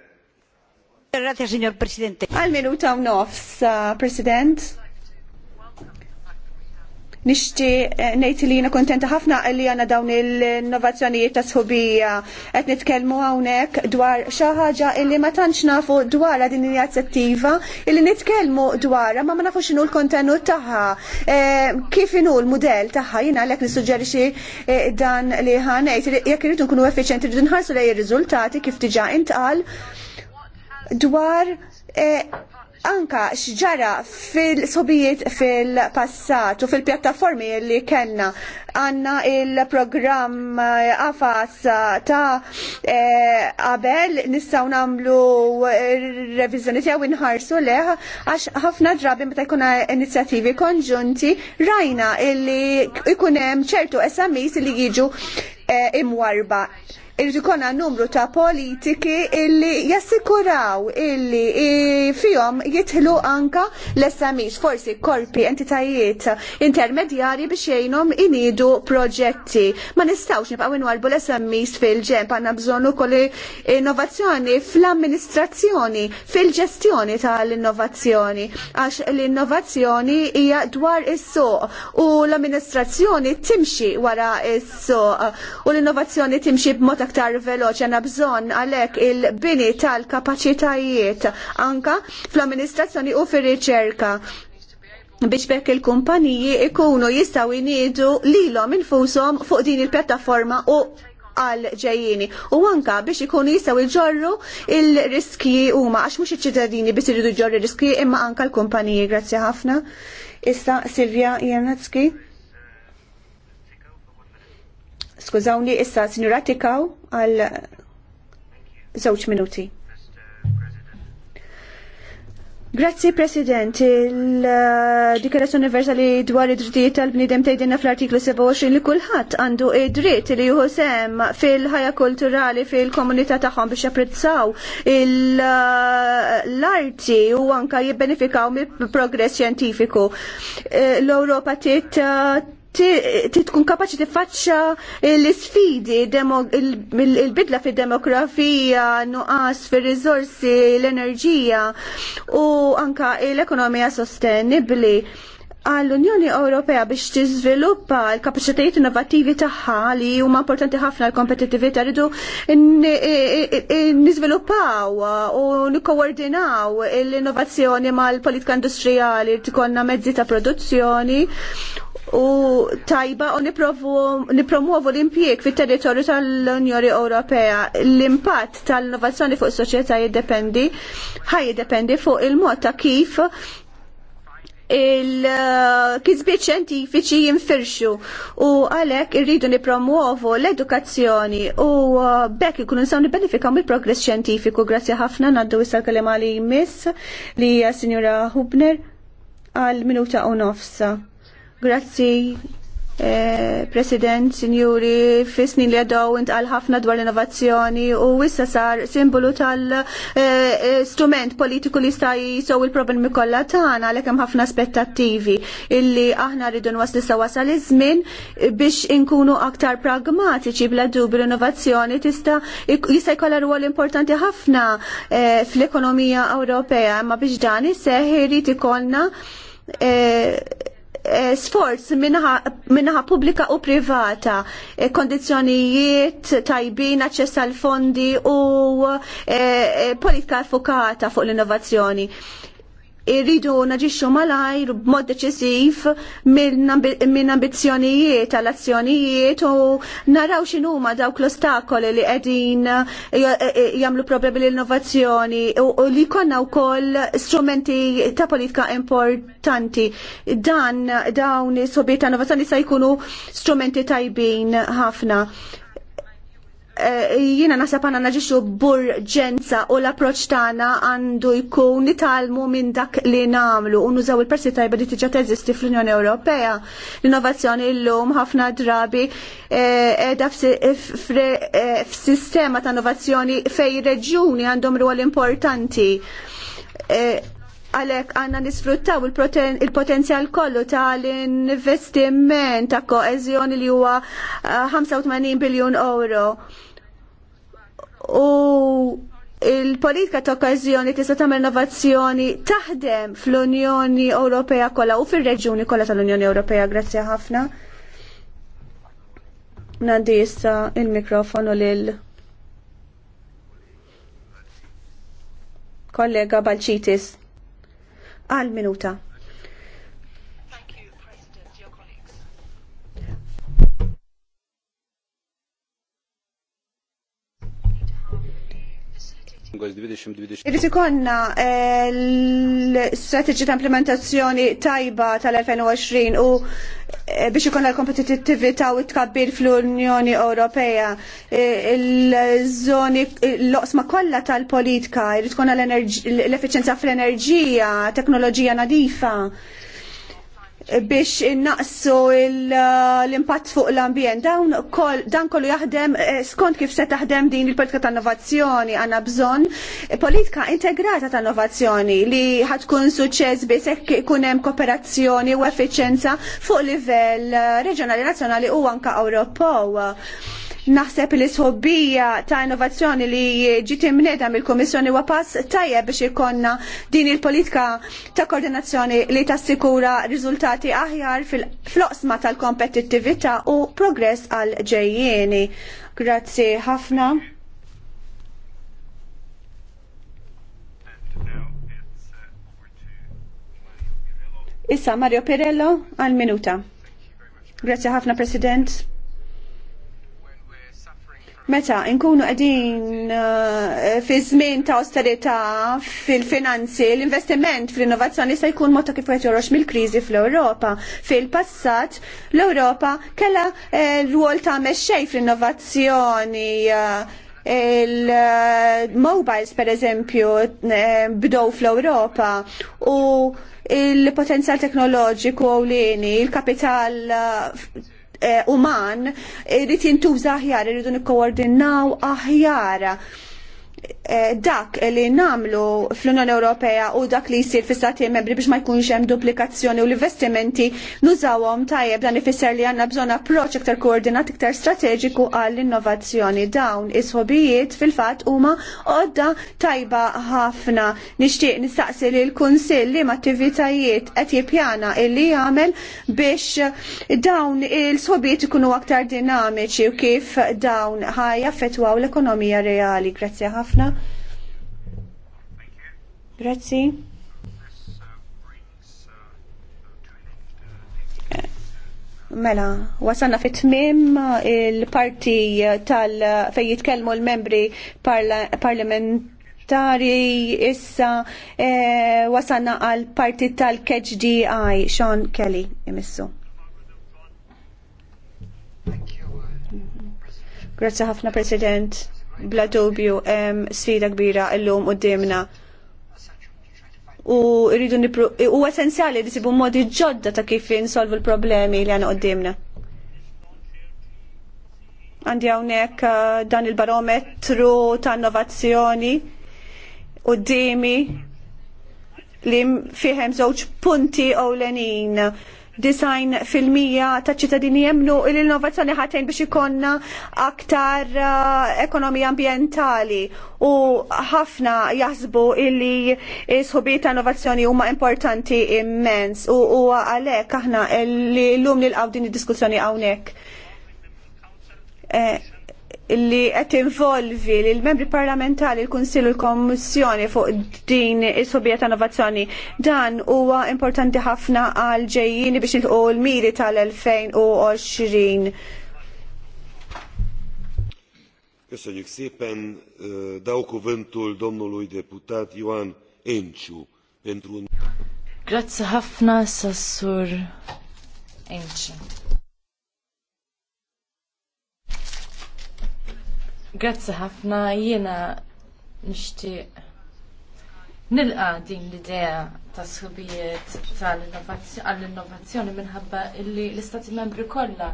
Grazie, signor Presidente. Għal minuta un nofs, eh, President. Nixti eh, nejti li jina kontenta ħafna li jana dawn il-innovazzjonijiet ta' sħubija. Qed nitkellmu hawnhekk dwar xi ħaġa illi ma tantx nafu dwar din l-inizjattiva illi nitkellmu dwarha ma ma nafux x'inhu l-kontenut tagħha. Eh, kif inhu l taħħa tagħha jiena għalhekk nissuġġerixi eh, dan li ħanejt jekk irid nkunu effiċenti rridu nħarsu lej ir-riżultati kif diġà intqal dwar anka xġara fil-sobijiet fil-passat u fil-pjattaformi li kellna għanna il-programm għafas eh, ta' qabel eh, e, nistaw namlu eh, revizjoni tiegħu inħarsu leħ għax ħafna drabi meta jkun inizjattivi konġunti rajna illi jkun hemm ċertu SMEs li jiġu imwarba irrid konna numru ta' politiki illi jassikuraw illi fihom jitħlu anka l-SMEs, forsi korpi entitajiet intermedjari biex jgħinhom inidu proġetti. Ma nistgħux nibqgħu inwarbu l-SMEs fil-ġemp għandna bżonn ukoll innovazzjoni fl-amministrazzjoni, fil-ġestjoni tal-innovazzjoni għax l-innovazzjoni hija dwar is-suq u l-amministrazzjoni timxi wara is-suq u l-innovazzjoni timxi b'mod aktar veloċi għanna bżonn għalhekk il-bini tal-kapaċitajiet anka fl-amministrazzjoni u fir-riċerka biex bekk il-kumpaniji ikunu jistaw iniedu lilhom infushom fuq din il-pjattaforma u għal ġejjini. U anka biex ikunu jistaw iġorru il-riski huma għax mhux iċ-ċittadini biex iridu ġorru riski imma anka l-kumpaniji. Grazzi ħafna. Issa Silvia Janatski. Skużawni, issa s tikaw għal żewġ minuti. Grazzi President, il-Dikarazzjoni Universali dwar id-drittijiet tal-bniedem tgħidilna fl-artiklu 27 li kulħadd għandu id-dritt li jieħu sem fil-ħajja kulturali fil-komunità tagħhom biex japprezzaw l-arti u anka jibbenefikaw mill-progress xjentifiku. Eh, L-Ewropa tit tkun kapaċi tifaċċa l-sfidi, il-bidla fid demografija nuqas fir rizorsi l-enerġija u anka l-ekonomija sostenibbli għall-Unjoni Ewropea biex tiżviluppa l-kapaċitajiet innovattivi tagħha li huma importanti ħafna l-kompetittività rridu niżviluppaw u nikkoordinaw l-innovazzjoni mal-politika industrijali li tkollna mezzi ta' produzzjoni u tajba u nipromuovu l-impjeg fit territorju tal-Unjoni Ewropea. L-impatt tal-innovazzjoni fuq is-soċjetà jiddependi, ħaj jiddependi fuq il-mod ta' kif il-kizbiet xjentifiċi jinfirxu u għalek irridu nipromuovu l-edukazzjoni u bekk ikunu nsaw nibenifikaw mill-progress xjentifiku. Grazie ħafna naddu issa kelema li jmiss li hija Hubner għal minuta u nofsa. Grazzi, eh, President, Sinjuri, fissni li għadaw intqal ħafna dwar l-innovazzjoni u wissa sar simbolu tal-strument eh, eh, politiku li sta jisow il-problemi kollha tagħna għalek hemm ħafna aspettattivi illi aħna rridu nwaslu sa wasal iż-żmien biex inkunu aktar pragmatiċi bla dub l-innovazzjoni tista' jista' jkollha rwol importanti ħafna fl-ekonomija Ewropea, imma biex dan iseħħ irid ikollna Eh, sforz minnaħa pubblika u privata, eh, kondizjonijiet tajbin, aċċess għal fondi u eh, politika fokata fuq l-innovazzjoni irridu naġixxu malajr b'mod deċisiv minn ambizzjonijiet għal azzjonijiet u naraw x'inhuma dawk l-ostakoli li qegħdin eh, eh, jagħmlu problemi l-innovazzjoni u li jkollna wkoll strumenti ta' politika importanti. Dan dawn is-sobiet ta' innovazzjoni se jkunu strumenti tajbin ħafna. Eh, jiena nasab għanna naġiċu burġenza u l-approċ tagħna għandu jkun nitalmu minn dak li namlu u nużaw il-persi tajba li tiġa teżisti fl-Unjoni Ewropea. L-innovazzjoni l-lum ħafna drabi eh, edha eh, f-sistema ta' innovazzjoni fej reġjuni għandhom rwol importanti għalek għanna nisfruttaw il-potenzjal kollu ta' l-investiment ta' koezjoni li huwa 85 biljon euro u il-politika ta' okkażjoni tista' tagħmel innovazzjoni taħdem fl-Unjoni Ewropea kollha u fir-reġjuni kollha tal-Unjoni Ewropea. Grazzi ħafna. Nandi issa il-mikrofonu lil kollega Balċitis. Għal minuta. Irrid ikonna eh, l strategi ta' implementazzjoni tajba tal-2020 u eh, biex ikonna l-kompetittività u tkabbir fl-Unjoni Ewropea. Eh, l żoni l-oqsma kollha tal-politika, irrid konna l efficienza fl-enerġija, teknoloġija nadifa biex innaqsu uh, l-impatt fuq l-ambjent. Dan kollu jaħdem eh, skont kif se taħdem din il-politika ta' innovazzjoni għanna bżonn politika integrata ta' innovazzjoni li ħatkun suċċess biss hekk ikun hemm kooperazzjoni u effiċjenza fuq livell eh, reġjonali, nazzjonali u anke Ewropew Naħseb li sħobbija ta' innovazzjoni li ġiet imnedha mill-Kummissjoni wa' pass tajjeb biex ikonna din il-politika ta' koordinazzjoni li tassikura riżultati aħjar fil-floqsma tal-kompetittività u progress għal ġejjieni. Grazzi ħafna. Issa Mario Pirello għal minuta. Grazie ħafna President. Meta nkunu qegħdin eh, fi żmien ta' austerita fil-finanzi, l-investiment fl-innovazzjoni se jkun motta kif għet jorrox mill-kriżi fl-Ewropa. Fil-passat l-Ewropa kellha eh, rwol ta' mexxej fl-innovazzjoni eh, il-mobiles per eżempju bdow fl-Europa u il-potenzjal teknoloġiku u l-kapital Eh, uman irid jintuża aħjar, iridu nikkoordinaw aħjar Eh, dak li namlu fl-Unjoni Ewropea u dak li jisir fis-stati membri biex ma jkunx hemm duplikazzjoni u l-investimenti nużawhom tajjeb dan ifisser li għandna bżonn approċċ iktar koordinat iktar strateġiku għall-innovazzjoni. Dawn is-ħobijiet fil-fatt huma għodda tajba ħafna. Nixtieq nistaqsi li l-Kunsill li attivitajiet qed jippjana illi jagħmel biex dawn il-sħobijiet ikunu aktar dinamiċi u kif dawn ħajja fetwaw l-ekonomija reali. Grazzi ħafna ħafna. Grazzi. Mela, wasanna fit eh, il-parti eh, tal eh, fej jitkellmu l-membri parlamentari issa e, wasanna għal parti tal-KHDI, Sean Kelly, imissu. Grazie ħafna President bla dubju hemm sfida kbira llum qudiemna. U rridu u essenzjali li sibu modi ġodda ta' kif insolvu l-problemi li għandna qudiemna. Għandi hawnhekk eh, dan il-barometru ta' innovazzjoni qudiemi li fihem żewġ punti ewlenin design fil-mija ta' ċittadini jemnu l-innovazzjoni ħatejn biex ikonna aktar eh, ekonomija ambientali u ħafna jaħsbu illi sħubiet ta' innovazzjoni huma importanti immens u huwa għalhekk aħna li l-lum li l-għawdin id-diskussjoni hawnhekk. Eh, li qed involvi lill membri parlamentari l-Kunsill u l-Kommissjoni fuq din is-sobija ta' innovazzjoni dan huwa importanti ħafna għal ġejjini biex nilqu l-miri tal-2020. Köszönjük szépen, dau cuvântul domnului deputat Enciu Grazie ħafna, Sassur Enciu. Grazzi ħafna jiena nixtieq nilqa din l-idea ta' sħubijiet għall-innovazzjoni minħabba li l-istati membri kollha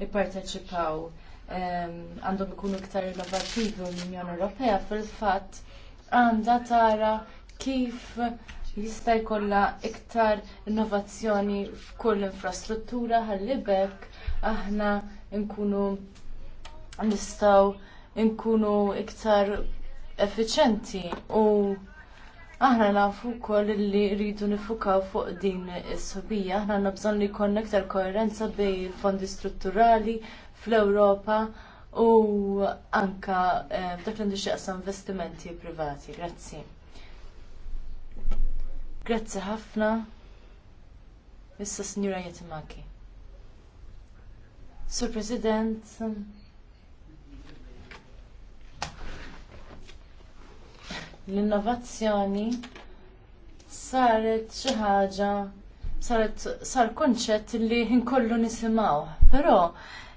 jipparteċipaw ehm, għandhom ikunu iktar innovativi l-Unjoni Ewropea fil-fatt għandha tara kif jista' jkollha iktar innovazzjoni f'kull infrastruttura ħalli bekk aħna nkunu nistgħu nkunu iktar effiċenti u aħna nafu wkoll li rridu nifukaw fuq din is-sobija, aħna nabżon bżonn li jkollna iktar koerenza bejn il-fondi strutturali fl-Ewropa u anka eh, f'dak li ndixxaqsa investimenti privati. Grazzi. Grazzi ħafna. Issa Signora Jatimaki. Sur President, l-innovazzjoni saret xi ħaġa saret sar konċett li nkollu nisimgħu. Però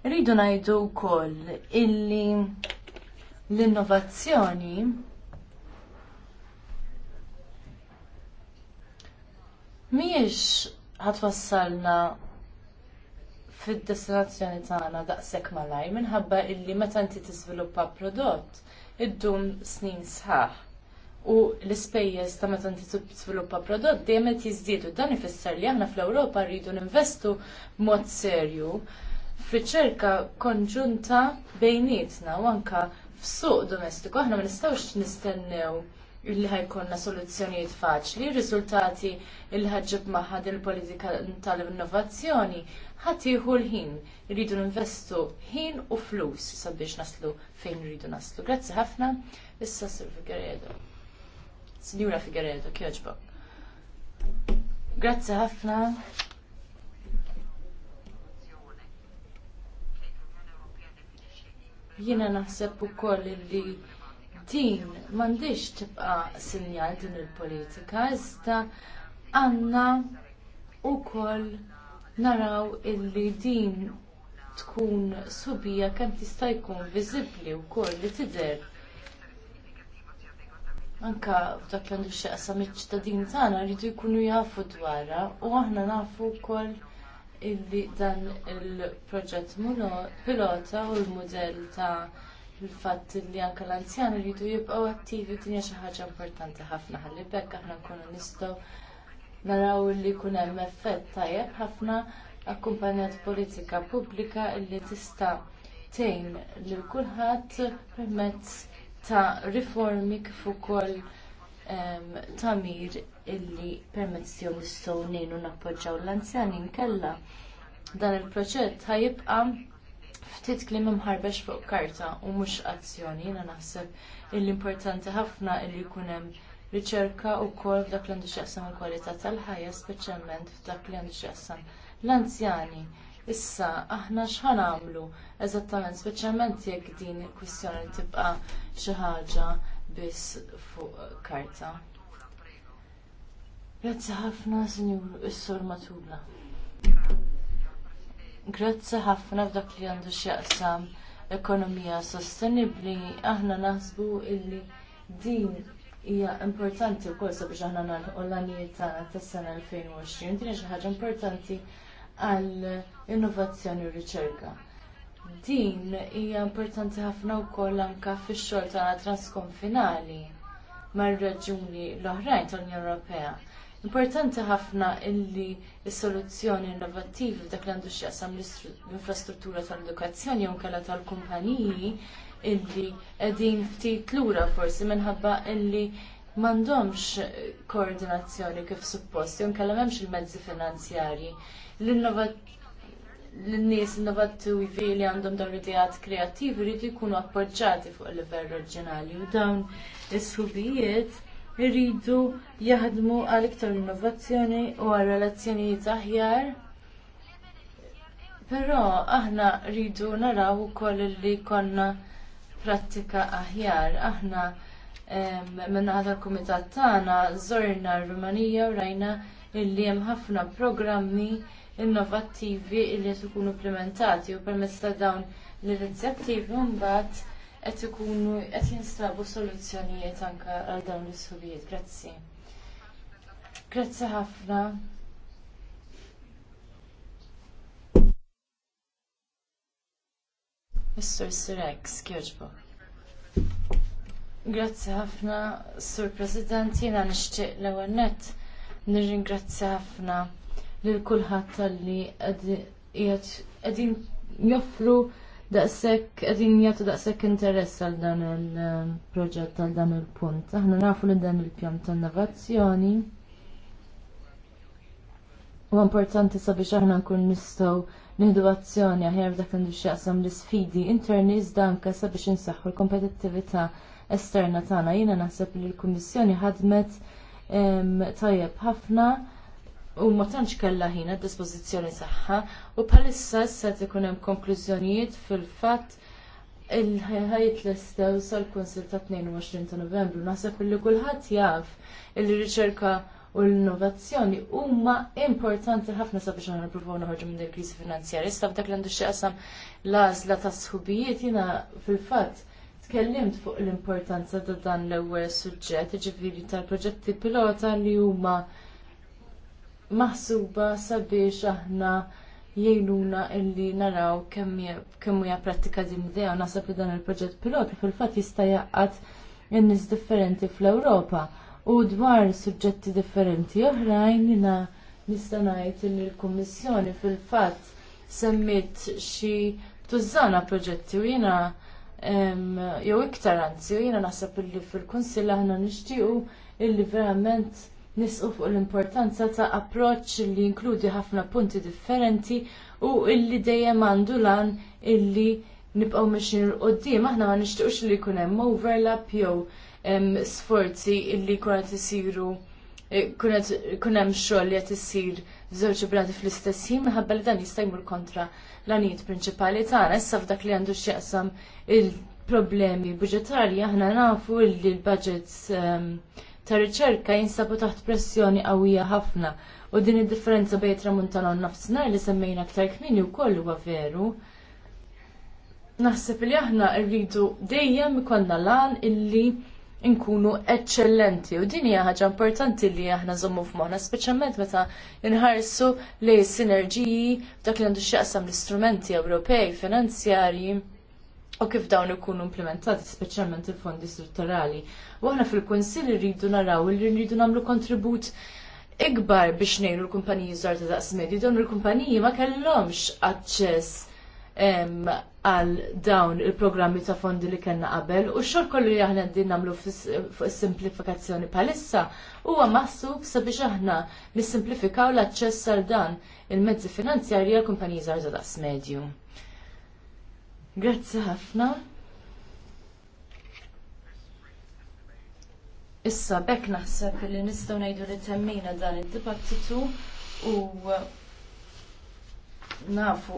rridu ngħidu wkoll illi l-innovazzjoni mhijiex ħatwassalna fid-destinazzjoni tagħna daqshekk malajr minħabba illi meta inti tiżviluppa prodott iddum snin sħaħ u l-ispejjeż ta' meta inti tiżviluppa prodott dejjem qed jiżdiedu. Dan ifisser li aħna fl-Ewropa rridu ninvestu b'mod serju f'riċerka konġunta bejnietna u anke f'suq domestiku aħna ma nistgħux nistennew illi ħajkonna soluzzjonijiet faċli, riżultati illi ħagġib din il politika tal-innovazzjoni ħatiħu l-ħin, rridu investu ħin u flus sabiex naslu fejn rridu naslu. Grazzi ħafna, issa Silvi Guerrero. Signora Figueredo, kjoġbok. Grazzi ħafna. Jiena naħseb ukoll li din m'għandix tibqa' sinjal din il-politika, iżda għandna ukoll naraw illi din tkun subija kemm tista' jkun viżibbli wkoll li tidher anka f'dak li għandu xieqsam iċ-ċittadini tagħna rridu jkunu jafu dwarha u aħna nafu wkoll illi dan il-proġett pilota u l-mudell ta' il-fatt li anke l-anzjani rridu jibqgħu attivi dinja xi ħaġa importanti ħafna ħalli bekk aħna nkunu nistgħu naraw li jkun hemm effett tajjeb ħafna akkumpanjat politika pubblika li tista' tgħin lil kulħadd permezz ta' riformi kif ukoll ta' mir illi permezz jew nistgħu ngħinu nappoġġjaw l-anzjani kellha. dan il-proġett jibqa' ftit kliem imħarbex fuq karta u mhux azzjoni jiena naħseb l importanti ħafna illi jkun hemm riċerka wkoll f'dak li għandu x'jaqsam il-kwalità tal-ħajja speċjalment f'dak li għandu x'jaqsam l-anzjani Issa, aħna x'ħan għamlu eżattament, speċjalment jekk din il-kwistjoni tibqa' xi ħaġa biss fuq karta. Grazzi ħafna, Sinjur Issur Matula. Grazzi ħafna f'dak li għandu x'jaqsam ekonomija sostenibbli, aħna naħsbu illi din hija importanti wkoll sabiex aħna nagħlqu l-għanijiet tagħna tas-sena 2020. Din hija xi ħaġa importanti għall innovazzjoni u riċerka. Din hija importanti ħafna wkoll anke fix-xogħol tagħna transkonfinali mar-raġuni l-oħrajn tal-Unjoni Ewropea. Importanti ħafna illi s-soluzzjoni innovattivi f'dak li għandu x'jaqsam l-infrastruttura tal-edukazzjoni jew kellha tal-kumpaniji illi qegħdin ftit lura forsi minħabba illi m'għandhomx koordinazzjoni kif suppost, jew kellha m'hemmx il-mezzi finanzjarji l-nies innovattivi li għandhom dawn l-idejat kreattivi rridu jkunu appoġġati fuq il-livell reġjonali u dawn is-subijiet irridu jaħdmu għal iktar innovazzjoni u għal relazzjonijiet aħjar. Però aħna rridu naraw ukoll li konna prattika aħjar. Aħna minn għadha l-Kumitat tagħna żorna r-Rumanija u rajna illi hemm ħafna programmi innovattivi li qed ikunu implementati u permezz ta' dawn l-inizjattivi mbagħad qed ikunu qed jinstabu soluzzjonijiet anke għal dawn l-isfubijiet. Grazzi. Grazzi ħafna. Mr. Sirex, kjoġbok. Grazzi ħafna, Sur President, jena nixtieq l ewwel nett nirringrazzja ħafna lil kulħadd li qegħdin joffru daqshekk qegħdin jagħtu daqshekk interess għal dan il-proġett ehm, għal dan il-punt. Aħna nafu li dan il-pjan ta' innovazzjoni u importanti sabiex aħna nkun nistgħu nieħdu azzjoni aħjar dak għandu x'jaqsam l-isfidi interni iżda anke sabiex insaħħu l-kompetittività esterna tagħna. Jiena naħseb li l-Kummissjoni ħadmet ehm, tajjeb ħafna u ma tantx kellha ħin għad dispożizzjoni tagħha u bħalissa issa tkun hemm konklużjonijiet fil-fatt il-ħajt l-estew sal-Kunsil ta' 22 ta' Novembru. Naħseb li kulħadd jaf il-riċerka u l-innovazzjoni huma importanti ħafna sabiex aħna nippruvaw noħorġu minn il-kriżi finanzjarja. Issa f'dak l-għandu x'jaqsam l-għażla ta' sħubijiet jiena fil-fatt tkellimt fuq l-importanza ta' dan l-ewwel suġġett, iġifieri tal-proġetti pilota li huma maħsuba sabiex aħna jgħinuna illi naraw kemm hija prattika din idea naħseb li dan il-proġett pilota fil-fatt jista' jaqgħad in-nies differenti fl-Ewropa u dwar suġġetti differenti oħrajn jiena nista' ngħid li l-Kummissjoni fil-fatt semmit xi tużana proġetti u jiena jew iktar anzi u jiena naħseb illi fil-Kunsill aħna nixtiequ illi verament nisqu fuq l-importanza ta' approċċ li jinkludi ħafna punti differenti u illi dejjem għandu lan illi nibqgħu mixin l-qoddim aħna ma nixtiequx li jkun hemm overlap jew sforzi illi kunet isiru eh, kun hemm xogħol li qed isir żewġ brati fl-istess ħin minħabba li dan jista' jmur kontra l-anijiet prinċipali tagħna issa f'dak li għandu x'jaqsam il-problemi budġetarji aħna nafu li l-budgets ta' riċerka jinsabu taħt pressjoni qawwija ħafna u din id-differenza bejn tramuntana u nofsinhar li semmejna aktar kmini wkoll huwa veru. Naħseb li aħna rridu dejjem ikollna lan illi nkunu eccellenti u din hija ħaġa importanti li aħna żommu f'moħħna speċjalment meta nħarsu li sinerġiji dak li għandu x'jaqsam l-istrumenti Ewropej finanzjarji u kif dawn ikunu implementati, speċjalment il-fondi strutturali. U aħna fil-Kunsill irridu naraw li rridu nagħmlu kontribut ikbar biex ngħinu l-kumpaniji żgħar ta' daqs medju, dawn il-kumpaniji ma kellhomx aċċess għal dawn il-programmi ta' fondi li kellna qabel u x-xogħol kollu li aħna din nagħmlu fuq is-simplifikazzjoni bħalissa huwa maħsub sabiex aħna nissimplifikaw l-aċċess għal dan il-mezzi finanzjarji għal kumpaniji żgħar ta' daqs medju. Grazzi ħafna. Issa bekk naħseb li nistgħu ngħidu li temmina dan id-dibattitu u nafu